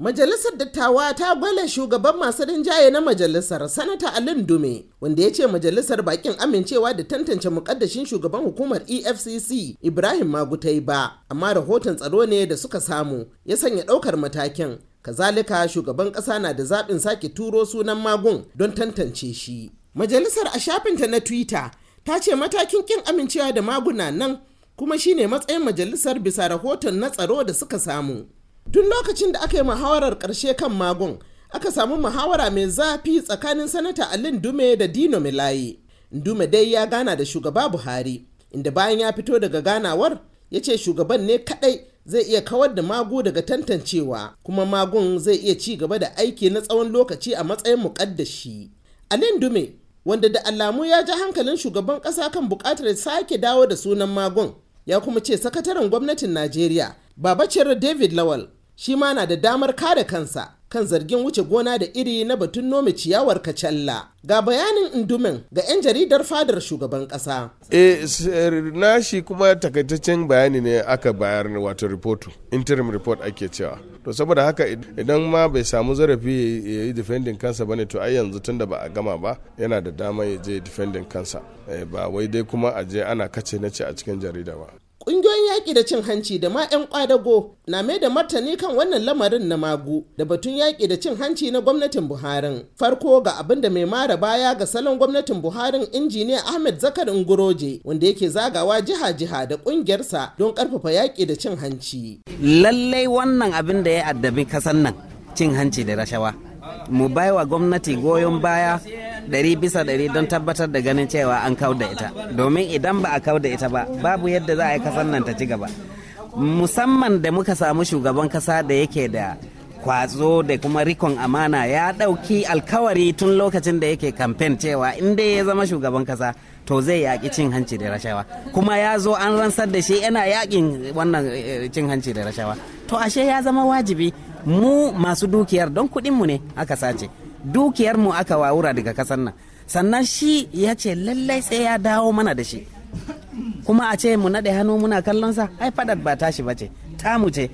Majalisar Dattawa ta gwale shugaban masu rinjaye na majalisar Sanata Alin Dume wanda ya ce majalisar bakin amincewa da tantance mukaddashin shugaban hukumar EFCC Ibrahim Magutai ba amma rahoton tsaro ne da suka samu ya sanya ɗaukar matakin kazalika shugaban ƙasa na da zaɓin sake turo sunan magun don tantance shi. Majalisar a shafinta na Twitter ta ce matakin ƙin amincewa da maguna nan kuma shine matsayin majalisar bisa rahoton na tsaro da suka samu. tun lokacin da aka yi muhawarar ƙarshe kan magun aka samu muhawara mai zafi tsakanin sanata alin dume da dino milayi dume dai ya gana da shugaba buhari inda bayan ya fito daga ganawar ya ce shugaban ne kaɗai zai iya kawar da magu daga tantancewa kuma magun zai iya ci gaba da aiki na tsawon lokaci a matsayin muƙaddashi alin dume wanda da alamu ya ji hankalin shugaban ƙasa kan buƙatar sake dawo da sunan magun ya kuma ce sakataren gwamnatin najeriya babacin david lawal shi ma na da damar kare kansa kan zargin wuce gona da iri na batun nome ciyawar kacalla ga bayanin indumin ga 'yan jaridar fadar shugaban kasa e eh, er, na shi kuma takaitaccen bayani ne aka bayar wato report interim report ake cewa to saboda haka idan ma bai samu zarafi ya yi defending kansa bane to ai yanzu tunda ba a gama ba yana da dama ya je defending kansa eh, ba wai dai kuma a je ana kace na ce a cikin jarida ba Ƙungiyoyin yaƙi da cin hanci da ma 'yan ƙwadago na mai da martani kan wannan lamarin na magu da batun yaƙi da cin hanci na gwamnatin Buharin. Farko ga abin da mai mara baya ga salon gwamnatin Buharin injiniya Ahmed Zakar Ngoroje wanda yake zagawa jiha-jiha da ƙungiyarsa don ƙarfafa yaƙi da cin hanci. Lallai wannan abin da ya addabi kasan nan cin hanci da rashawa. Mu baiwa gwamnati goyon baya ɗari bisa ɗari don tabbatar da ganin cewa an kau da ita domin idan ba a kau da ita ba babu yadda za a yi kasan nan ta ci gaba musamman da muka samu shugaban kasa da yake da kwazo da kuma rikon amana ya ɗauki alkawari tun lokacin da yake kamfen cewa inda ya zama shugaban kasa to zai yaƙi cin hanci da rashawa kuma ya zo an ransar da shi yana yakin wannan eh, cin hanci da rashawa to ashe ya zama wajibi mu masu dukiyar don kuɗinmu ne aka sace dukiyar mu aka wawura daga kasar nan sannan shi ya ce lallai sai ya dawo mana da shi kuma a ce mu naɗe hannu muna kallon sa ai fadar ba tashi ba ce ta mu ce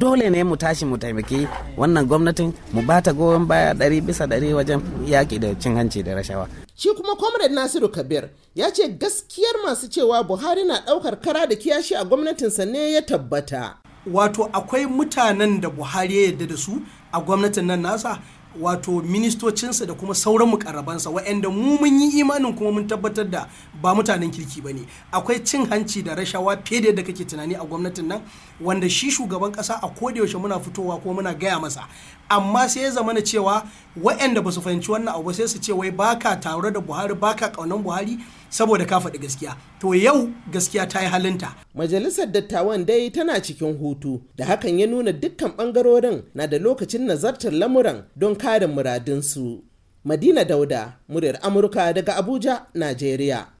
dole ne mu tashi mu taimaki wannan gwamnatin mu ba ta goyon baya ɗari bisa ɗari wajen yaƙi da cin hanci da rashawa. Shi kuma Comrade Nasiru Kabir ya ce gaskiyar masu cewa Buhari na ɗaukar kara da kiyashi a gwamnatin sa ne ya tabbata. Wato akwai mutanen da Buhari ya yarda da su a gwamnatin nan nasa wato ministocinsa da kuma sauran mukarrabansa waɗanda mu mun yi imanin kuma mun tabbatar da ba mutanen kirki ba ne akwai cin hanci da rashawa fiye da yadda kake tunani a gwamnatin nan wanda shi shugaban ƙasa a kodayaushe muna fitowa ko muna gaya masa amma sai ya zamana cewa waɗanda ba su fahimci wannan abu sai su ce wai baka tare da buhari baka ƙaunar buhari saboda ka faɗi gaskiya to yau gaskiya ta yi halinta. majalisar dattawan dai tana cikin hutu da hakan ya nuna dukkan ɓangarorin na da lokacin nazartar lamuran don Karin kare muradinsu. Madina Dauda, muryar Amurka daga Abuja, Najeriya.